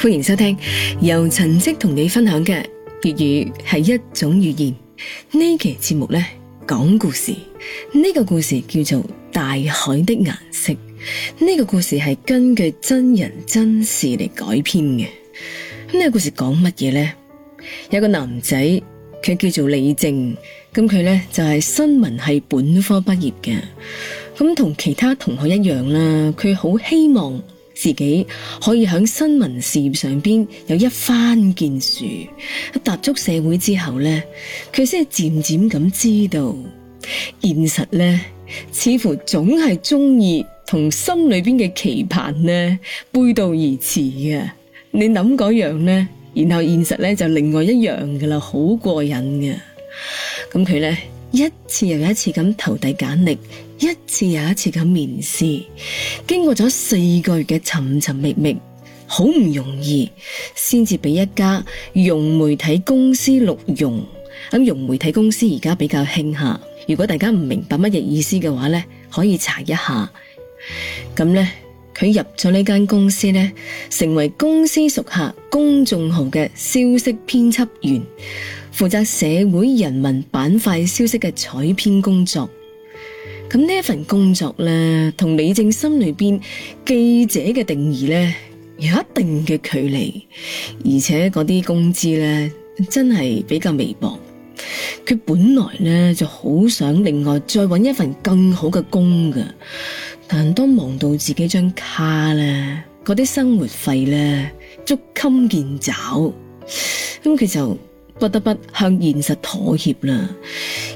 歡迎收聽由陳叔同你分享嘅粵語係一種語言。呢期節目咧，講故事。呢、這個故事叫做《大海的顏色》。呢、這個故事係根據真人真事嚟改編嘅。咁、這、呢個故事講乜嘢咧？有個男仔，佢叫做李正。咁佢咧就係、是、新聞系本科畢業嘅。咁同其他同學一樣啦，佢好希望。自己可以響新聞事業上邊有一番建樹，喺踏足社會之後咧，佢先係漸漸咁知道現實咧，似乎總係中意同心裏邊嘅期盼咧背道而馳嘅。你諗嗰樣咧，然後現實咧就另外一樣噶啦，好過癮嘅。咁佢咧。一次又一次咁投遞簡歷，一次又一次咁面試，經過咗四個月嘅尋尋覓覓，好唔容易，先至俾一家融媒體公司錄用。咁融媒體公司而家比較興下，如果大家唔明白乜嘢意思嘅話呢，可以查一下。咁呢，佢入咗呢間公司呢，成為公司屬下公眾號嘅消息編輯員。負責社會人民板塊消息嘅採編工作，咁呢一份工作呢，同李正心裏邊記者嘅定義呢，有一定嘅距離，而且嗰啲工資呢，真係比較微薄。佢本來呢就好想另外再搵一份更好嘅工㗎，但當忙到自己張卡呢，嗰啲生活費呢，捉襟見肘，咁佢就。不得不向現實妥協啦，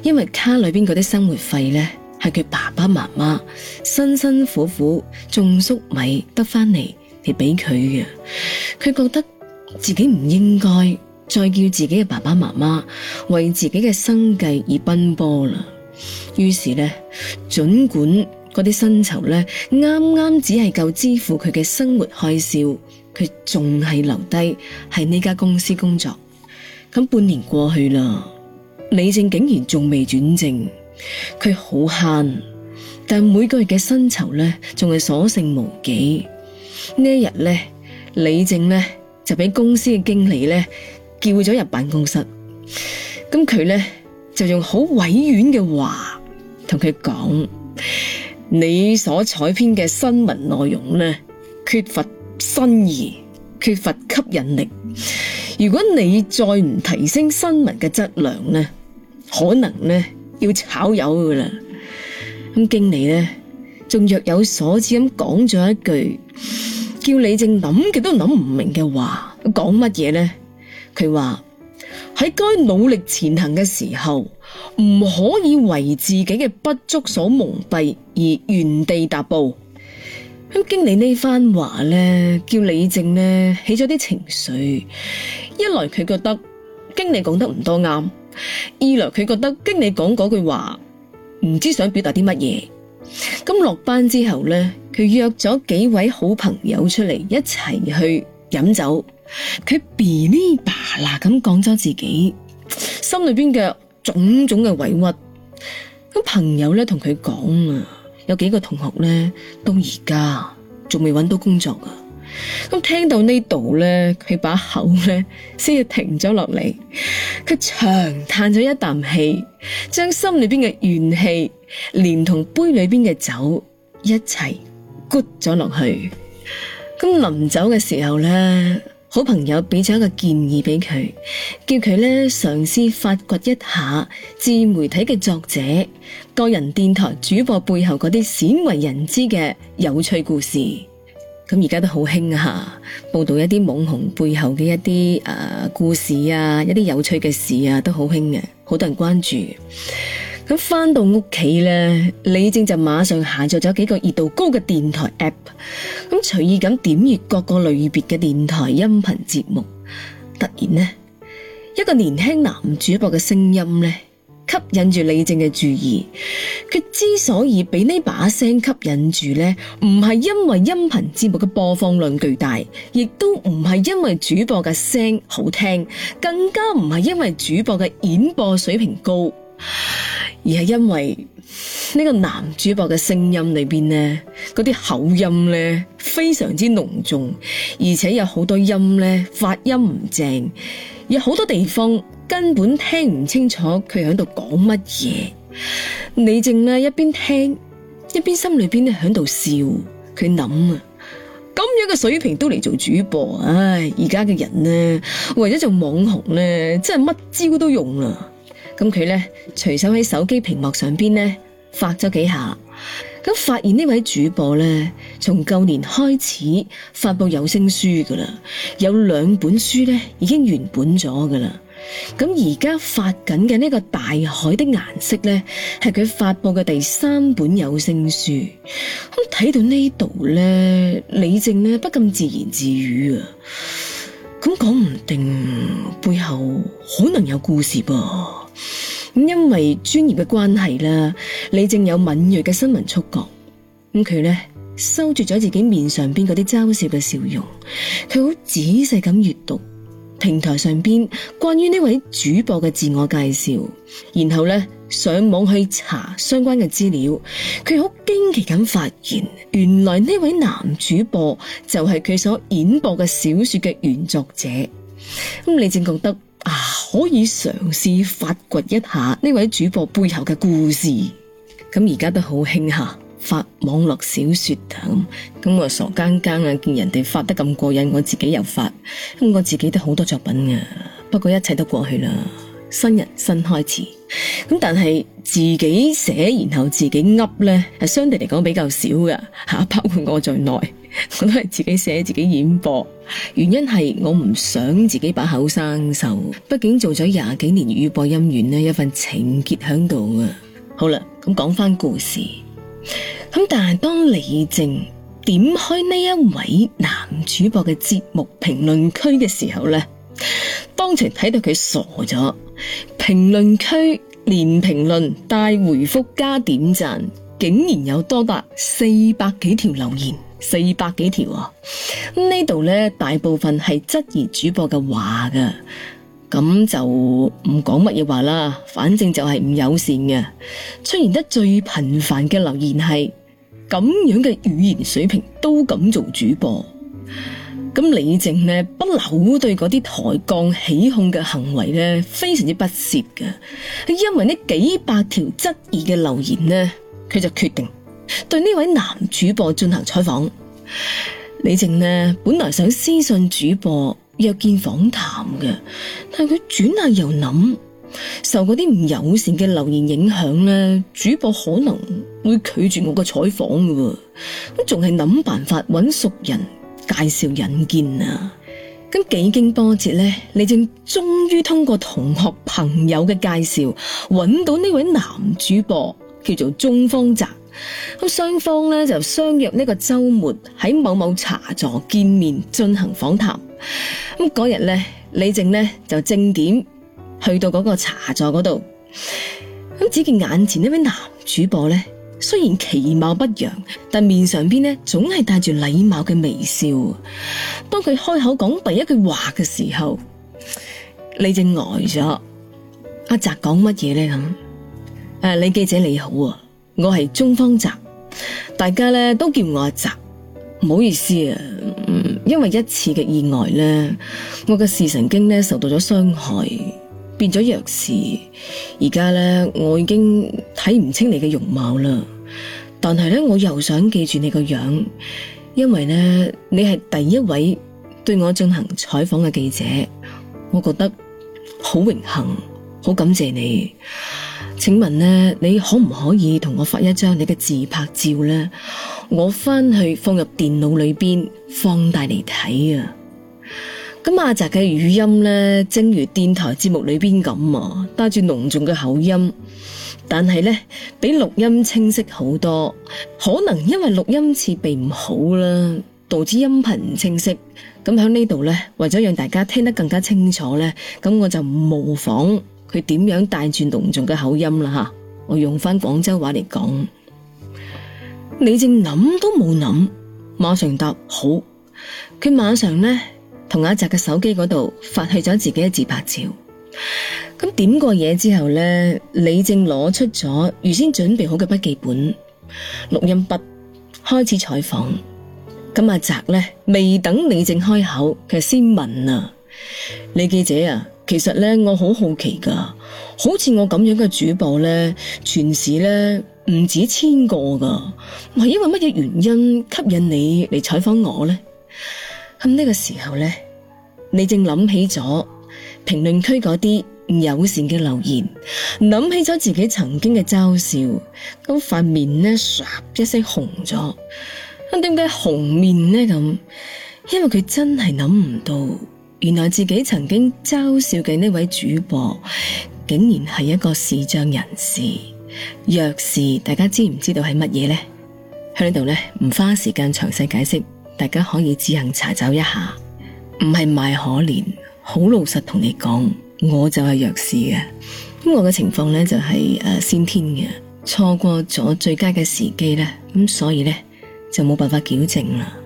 因為卡裏邊嗰啲生活費咧係佢爸爸媽媽辛辛苦苦種粟米得翻嚟嚟俾佢嘅，佢覺得自己唔應該再叫自己嘅爸爸媽媽為自己嘅生計而奔波啦。於是咧，盡管嗰啲薪酬咧啱啱只係夠支付佢嘅生活開銷，佢仲係留低喺呢間公司工作。咁半年過去啦，李靜竟然仲未轉正，佢好慳，但每個月嘅薪酬呢，仲係所剩無幾。這一天呢一日呢，李靜呢就俾公司嘅經理呢叫咗入辦公室，咁佢呢就用好委婉嘅話同佢講：你所採編嘅新聞內容呢，缺乏新意，缺乏吸引力。如果你再唔提升新聞嘅質量呢，可能呢，要炒魷㗎喇。咁經理呢仲若有所思咁講咗一句，叫你正諗嘅都諗唔明嘅話，講乜嘢呢？他說」佢話喺該努力前行嘅時候，唔可以為自己嘅不足所蒙蔽而原地踏步。咁經理呢番話咧，叫李靜咧起咗啲情緒。一來佢覺,覺得經理講得唔多啱，二來佢覺得經理講嗰句話唔知想表達啲乜嘢。咁落班之後咧，佢約咗幾位好朋友出嚟一齊去飲酒。佢噼哩啪啦咁講咗自己心裏邊嘅種種嘅委屈。咁朋友咧同佢講啊。有幾個同學呢，到而家仲未揾到工作啊。咁聽到呢度呢，佢把口呢先至停咗落嚟，佢長嘆咗一啖氣，將心裏邊嘅怨氣，連同杯裏邊嘅酒一齊咕咗落去。咁臨走嘅時候呢。好朋友俾咗一個建議俾佢，叫佢咧嘗試發掘一下自媒體嘅作者、個人電台主播背後嗰啲鮮為人知嘅有趣故事。咁而家都好興啊，報道一啲網紅背後嘅一啲誒、呃、故事啊，一啲有趣嘅事啊，都好興嘅，好多人關注。咁翻到屋企咧，李靜就馬上下載咗幾個熱度高嘅電台 app，咁隨意咁點閱各個類別嘅電台音頻節目。突然呢，一個年輕男主播嘅聲音咧，吸引住李靜嘅注意。佢之所以俾呢把聲吸引住咧，唔係因為音頻節目嘅播放量巨大，亦都唔係因為主播嘅聲好聽，更加唔係因為主播嘅演播水平高。而係因為呢個男主播嘅聲音裏邊呢，嗰啲口音呢非常之濃重，而且有好多音呢發音唔正，有好多地方根本聽唔清楚佢喺度講乜嘢。你淨係一邊聽一邊心裏邊咧喺度笑，佢諗啊，咁樣嘅水平都嚟做主播，唉！而家嘅人呢，為咗做網紅呢，真係乜招都用啦。咁佢咧，隨手喺手機屏幕上邊咧發咗幾下，咁發現呢位主播咧，從舊年開始發布有聲書噶啦，有兩本書咧已經完本咗噶啦，咁而家發緊嘅呢個大海的顏色咧，係佢發布嘅第三本有聲書。咁睇到呢度咧，李靜咧不禁自言自語啊，咁講唔定背後可能有故事噃。咁因為專業嘅關係啦，李正有敏銳嘅新聞觸覺，咁佢呢收住咗自己面上邊嗰啲嘲笑嘅笑容，佢好仔細咁閱讀平台上邊關於呢位主播嘅自我介紹，然後呢上網去查相關嘅資料，佢好驚奇咁發現，原來呢位男主播就係佢所演播嘅小說嘅原作者，咁李正覺得。可以嘗試發掘一下呢位主播背後嘅故事，咁而家都好興吓發網絡小說等，咁我傻更更啊，見人哋發得咁過癮，我自己又發，咁我自己都好多作品噶，不過一切都過去啦，新人新開始，咁但係自己寫然後自己噏咧，係相對嚟講比較少噶，包括我在內。我都係自己寫自己演播，原因係我唔想自己把口生銹。畢竟做咗廿幾年粵語播音員，呢一份情結喺度啊。好啦，咁講翻故事。咁但係當李靜點開呢一位男主播嘅節目評論區嘅時候呢，當場睇到佢傻咗。評論區連評論帶回覆加點讚，竟然有多達四百幾條留言。四百幾條啊！呢度呢，大部分係質疑主播嘅話噶，咁就唔講乜嘢話啦，反正就係唔友善嘅。出現得最頻繁嘅留言係咁樣嘅，語言水平都敢做主播，咁李靜呢，不嬲對嗰啲抬槓起哄嘅行為呢，非常之不屑嘅。因為呢幾百條質疑嘅留言呢，佢就決定。對呢位男主播進行採訪，李靜呢本來想私信主播約見訪談嘅，但佢轉下又諗，受嗰啲唔友善嘅留言影響呢，主播可能會拒絕我嘅採訪嘅，咁仲係諗辦法揾熟人介紹引見啊，咁幾經波折呢，李靜終於通過同學朋友嘅介紹揾到呢位男主播叫做鍾方澤。咁雙方咧就相約呢個周末喺某某茶座見面進行訪談。咁嗰日咧，李靜呢就正點去到嗰個茶座嗰度。咁只見眼前呢位男主播咧，雖然其貌不揚，但面上邊呢總係帶住禮貌嘅微笑。當佢開口講第一句話嘅時候，李靜呆咗。阿澤講乜嘢咧咁？誒、啊，李記者你好啊！我係中方澤，大家呢都叫我阿澤，唔好意思啊，因為一次嘅意外呢，我嘅視神經受到咗傷害，變咗弱視，而家呢，我已經睇唔清你嘅容貌啦。但係呢，我又想記住你個樣，因為呢，你係第一位對我進行採訪嘅記者，我覺得好榮幸。好感謝你，請問呢，你可唔可以同我發一張你嘅自拍照呢？我翻去放入電腦裏邊放大嚟睇啊。咁阿澤嘅語音呢，正如電台節目裏邊咁啊，帶住濃重嘅口音，但係呢，比錄音清晰好多。可能因為錄音設備唔好啦，導致音頻唔清晰。咁喺呢度呢，為咗讓大家聽得更加清楚呢，咁我就模仿。佢點樣帶住濃重嘅口音啦吓，我用翻廣州話嚟講。李正諗都冇諗，馬上答好。佢馬上呢，同阿澤嘅手機嗰度發去咗自己嘅自拍照。咁點過嘢之後呢，李正攞出咗預先準備好嘅筆記本、錄音筆，開始採訪。咁阿澤呢，未等李正開口，佢先問啊，李記者啊，其實咧，我好好奇噶，好似我咁樣嘅主播咧，全市咧唔止千個噶，係因為乜嘢原因吸引你嚟採訪我咧？咁、這、呢個時候咧，你正諗起咗評論區嗰啲唔友善嘅留言，諗起咗自己曾經嘅嘲笑，咁塊面咧刷一聲紅咗。咁點解紅面咧？咁因為佢真係諗唔到。原來自己曾經嘲笑嘅呢位主播，竟然係一個視障人士。弱視，大家知唔知道係乜嘢呢？喺呢度咧唔花時間詳細解釋，大家可以自行查找一下。唔係賣可憐，好老實同你講，我就係弱視嘅。咁我嘅情況咧就係先天嘅，錯過咗最佳嘅時機咧，咁所以咧就冇辦法矯正啦。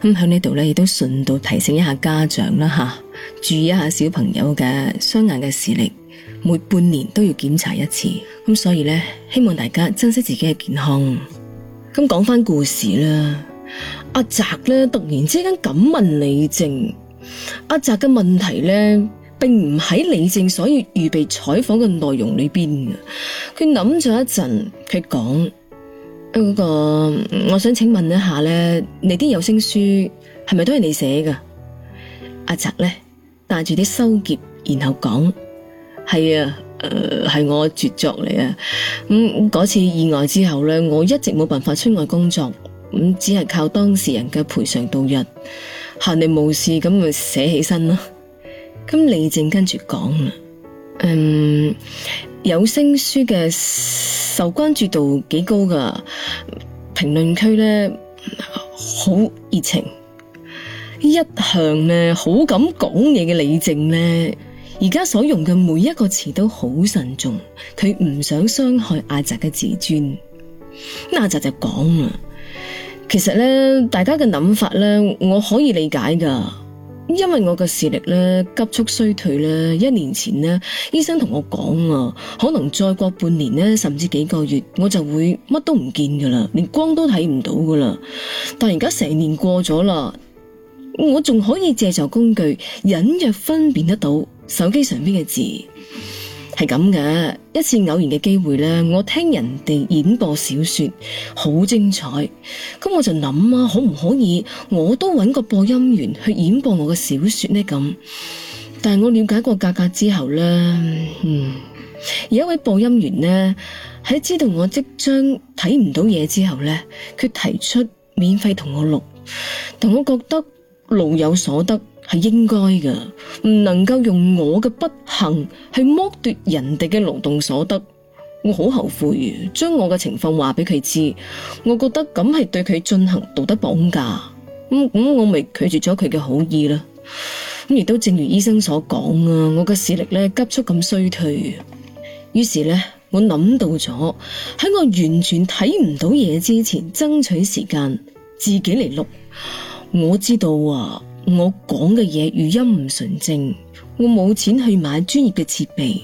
咁喺呢度咧，亦都順道提醒一下家長啦吓，注意一下小朋友嘅雙眼嘅視力，每半年都要檢查一次。咁所以咧，希望大家珍惜自己嘅健康。咁講翻故事啦，阿澤咧突然之間咁問李靜，阿澤嘅問題咧，並唔喺李靜所要預備採訪嘅內容裏邊。佢諗咗一陣，佢講。嗰、那個，我想請問一下呢，你啲有聲書係咪都係你寫噶？阿澤呢，帶住啲羞澀，然後講，係啊，誒、呃、係我絕作嚟啊！嗰、嗯、次意外之後呢，我一直冇辦法出外工作，嗯、只係靠當事人嘅賠償度日，閒嚟無事咁咪寫起身咯。咁 你靜跟住講有聲書嘅受關注度幾高㗎，評論區呢好熱情，一向呢好敢講嘢嘅李靜呢，而家所用嘅每一個詞都好慎重，佢唔想傷害阿澤嘅自尊。那阿澤就講啦，其實呢，大家嘅諗法呢，我可以理解㗎。因為我嘅視力咧急速衰退咧，一年前咧醫生同我講啊，可能再過半年咧，甚至幾個月，我就會乜都唔見噶啦，連光都睇唔到噶啦。但而家成年過咗啦，我仲可以借助工具，隱約分辨得到手機上邊嘅字。係咁嘅，一次偶然嘅機會呢，我聽人哋演播小説，好精彩，咁我就諗啊，可唔可以我都揾個播音員去演播我嘅小説呢？咁，但係我了解個價格，格之後呢，嗯，有一位播音員呢，喺知道我即將睇唔到嘢之後呢，佢提出免費同我錄，但我覺得錄有所得。係應該噶，唔能夠用我嘅不幸去剝奪人哋嘅勞動所得。我好後悔，將我嘅情況話俾佢知。我覺得咁係對佢進行道德綁架。咁咁，我咪拒絕咗佢嘅好意啦。咁亦都正如醫生所講啊，我嘅視力咧急速咁衰退。於是咧，我諗到咗喺我完全睇唔到嘢之前，爭取時間自己嚟錄。我知道啊。我講嘅嘢語音唔純正，我冇錢去買專業嘅設備，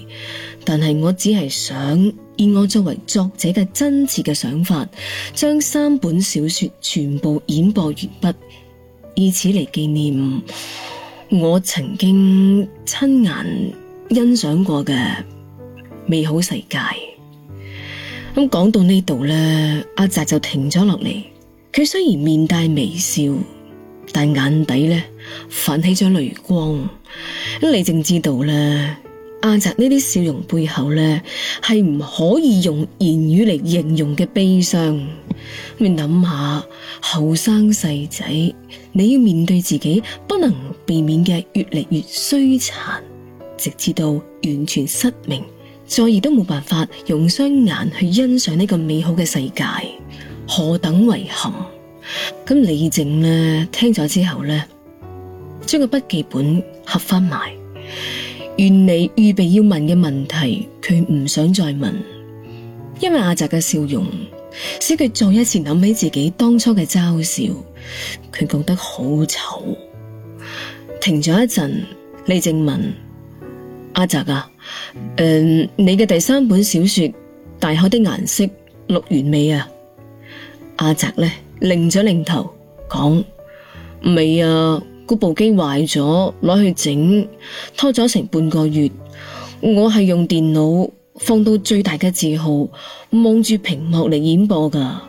但係我只係想以我作為作者嘅真切嘅想法，將三本小說全部演播完畢，以此嚟紀念我曾經親眼欣賞過嘅美好世界。咁講到呢度咧，阿澤就停咗落嚟，佢雖然面帶微笑，但眼底呢，泛起咗淚光，你正知道呢，阿澤呢啲笑容背後呢，係唔可以用言語嚟形容嘅悲傷。你諗下，後生細仔，你要面對自己不能避免嘅越嚟越衰殘，直至到完全失明，再而都冇辦法用雙眼去欣賞呢個美好嘅世界，何等遺憾！咁李靜呢？聽咗之後呢，將個筆記本合翻埋，原嚟預備要問嘅問題，佢唔想再問，因為阿澤嘅笑容使佢再一次諗起自己當初嘅嘲笑，佢覺得好醜。停咗一陣，李靜問阿澤啊，誒、呃，你嘅第三本小說《大海的顏色》錄完未啊？阿澤呢？擰咗擰頭講：未啊，嗰部機壞咗，攞去整，拖咗成半個月。我係用電腦放到最大嘅字號，望住屏幕嚟演播噶。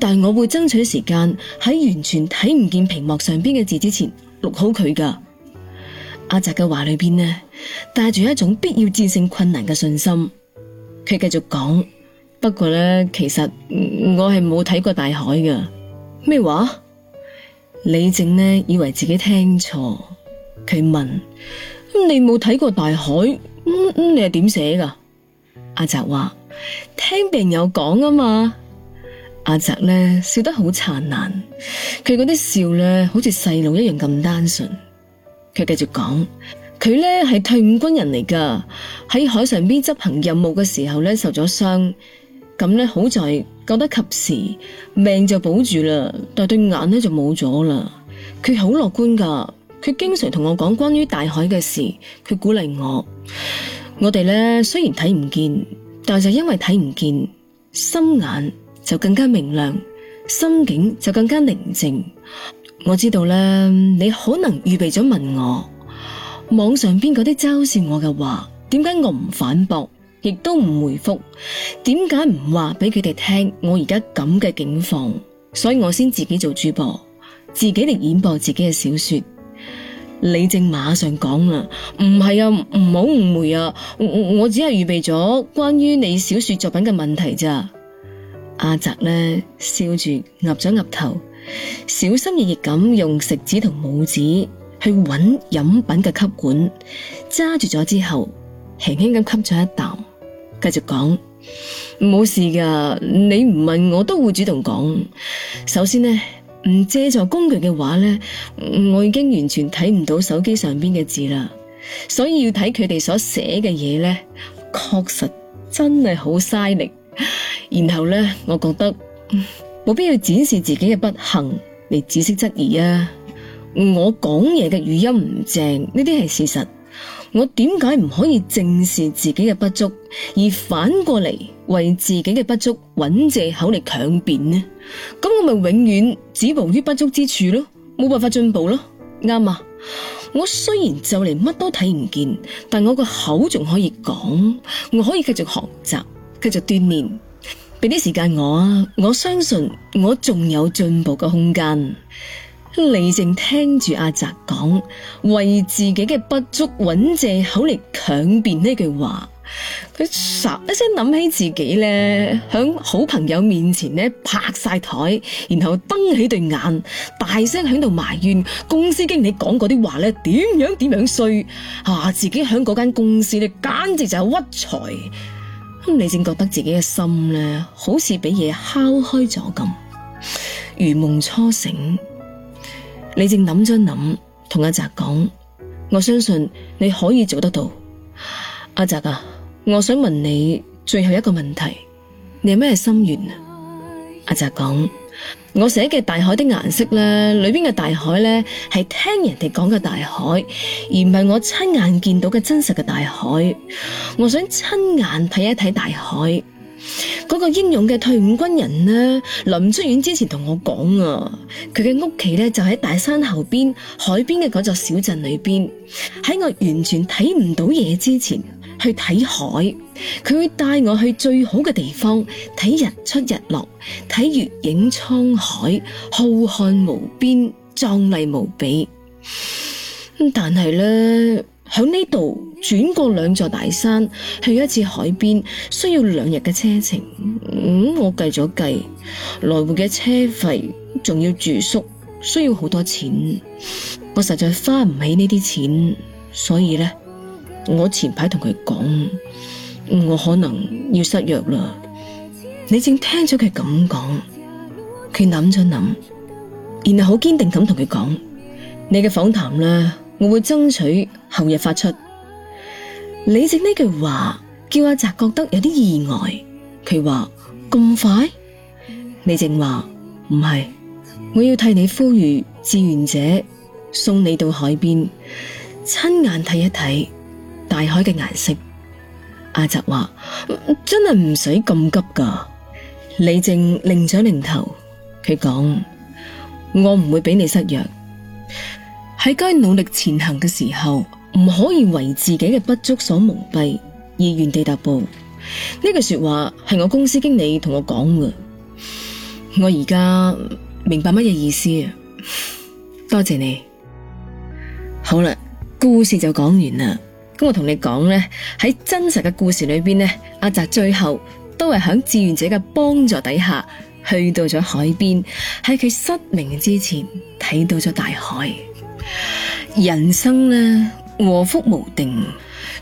但係我會爭取時間喺完全睇唔見屏幕上邊嘅字之前錄好佢噶。阿澤嘅話裏邊呢，帶住一種必要戰勝困難嘅信心。佢繼續講：不過咧，其實我係冇睇過大海噶。咩話？李靜呢以為自己聽錯，佢問：你冇睇過大海，咁、嗯、咁你係點寫噶？阿澤話：聽病友有講啊嘛。阿澤呢笑得好燦爛，佢嗰啲笑呢好似細路一樣咁單純。佢繼續講：佢呢係退伍軍人嚟噶，喺海上邊執行任務嘅時候呢受咗傷，咁呢好在。救得及時，命就保住啦，但對眼呢就冇咗啦。佢好樂觀㗎，佢經常同我講關於大海嘅事，佢鼓勵我。我哋呢雖然睇唔見，但就因為睇唔見，心眼就更加明亮，心境就更加寧靜。我知道呢，你可能預備咗問我網上邊嗰啲嘲笑我嘅話，點解我唔反駁？亦都唔回復，點解唔話俾佢哋聽我而家咁嘅境況？所以我先自己做主播，自己嚟演播自己嘅小說。李正馬上講啦，唔係啊，唔好誤會啊，我，我只係預備咗關於你小說作品嘅問題咋。阿澤咧笑住岌咗岌頭，小心翼翼咁用食指同拇指去搵飲品嘅吸管，揸住咗之後，輕輕咁吸咗一啖。繼續講，冇事噶，你唔問我都會主動講。首先呢，唔借助工具嘅話呢，我已經完全睇唔到手機上邊嘅字啦，所以要睇佢哋所寫嘅嘢呢，確實真係好嘥力。然後呢，我覺得冇必要展示自己嘅不幸嚟，只識質疑啊。我講嘢嘅語音唔正，呢啲係事實。我點解唔可以正視自己嘅不足，而反過嚟為自己嘅不足揾借口嚟強辯呢？咁我咪永遠止步於不足之處咯，冇辦法進步咯。啱啊！我雖然就嚟乜都睇唔見，但我個口仲可以講，我可以繼續學習，繼續鍛煉，俾啲時間我啊！我相信我仲有進步嘅空間。李靜聽住阿澤講，為自己嘅不足揾借口嚟強辯呢句話。佢霎一聲諗起自己咧，響好朋友面前咧拍晒台，然後瞪起對眼，大聲響度埋怨公司經理講嗰啲話咧點樣點樣衰，吓、啊、自己響嗰間公司咧簡直就屈才。咁李靜覺得自己嘅心咧，好似俾嘢敲開咗咁，如夢初醒。你正諗咗諗，同阿澤講，我相信你可以做得到。阿澤啊，我想問你最後一個問題，你有咩心願啊？阿澤講，我寫嘅大海的顏色咧，裏邊嘅大海咧係聽人哋講嘅大海，而唔係我親眼見到嘅真實嘅大海。我想親眼睇一睇大海。嗰個英勇嘅退伍軍人呢，臨出院之前同我講啊，佢嘅屋企呢就喺大山後邊海邊嘅嗰座小鎮裏邊。喺我完全睇唔到嘢之前，去睇海，佢會帶我去最好嘅地方睇日出日落，睇月影滄海，浩瀚無邊，壯麗無比。但係呢，喺呢度轉過兩座大山去一次海邊，需要兩日嘅車程。嗯，我計咗計，來回嘅車費仲要住宿，需要好多錢。我實在花唔起呢啲錢，所以咧，我前排同佢講，我可能要失約啦。你正聽咗佢咁講，佢諗咗諗，然後好堅定咁同佢講，你嘅訪談啦。我會爭取後日發出。李靜呢句話叫阿澤覺得有啲意外。佢話咁快？李靜話唔係，我要替你呼籲志願者送你到海邊，親眼睇一睇大海嘅顏色。阿澤話真係唔使咁急㗎。李靜擰咗擰頭，佢講我唔會俾你失約。喺該努力前行嘅時候，唔可以為自己嘅不足所蒙蔽而原地踏步。呢句說話係我公司經理同我講嘅，我而家明白乜嘢意思。多謝你。好啦，故事就講完啦。咁我同你講咧，喺真實嘅故事裏邊咧，阿澤最後都係喺志願者嘅幫助底下，去到咗海邊，喺佢失明之前睇到咗大海。人生呢禍福無定，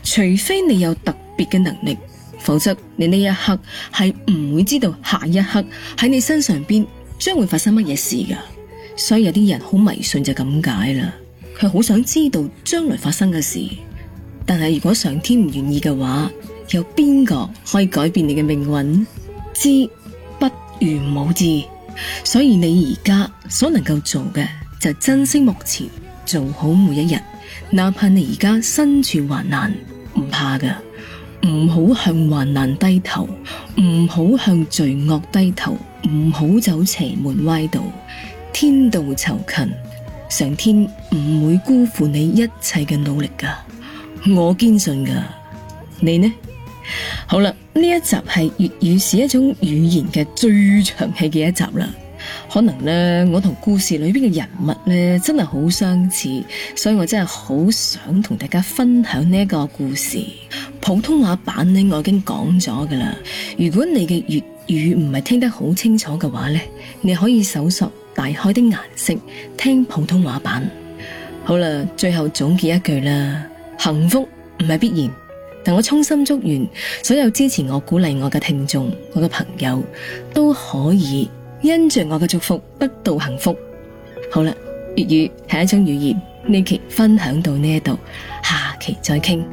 除非你有特別嘅能力，否則你呢一刻係唔會知道下一刻喺你身上邊將會發生乜嘢事噶。所以有啲人好迷信就咁解啦，佢好想知道將來發生嘅事，但係如果上天唔願意嘅話，有邊個可以改變你嘅命運？知不如冇知，所以你而家所能夠做嘅就珍惜目前。做好每一日，哪怕你而家身處患難，唔怕噶，唔好向患難低頭，唔好向罪惡低頭，唔好走邪門歪道，天道酬勤，上天唔會辜負你一切嘅努力噶，我堅信噶，你呢？好啦，呢一集係粵語是一種語言嘅最長氣嘅一集啦。可能咧，我同故事裏邊嘅人物咧，真係好相似，所以我真係好想同大家分享呢一個故事。普通話版咧，我已經講咗噶啦。如果你嘅粵語唔係聽得好清楚嘅話咧，你可以搜索《大海的顏色》聽普通話版。好啦，最後總結一句啦，幸福唔係必然，但我衷心祝願所有支持我、鼓勵我嘅聽眾、我嘅朋友都可以。因着我嘅祝福，得到幸福。好啦，粵語係一種語言，呢期分享到呢度，下期再傾。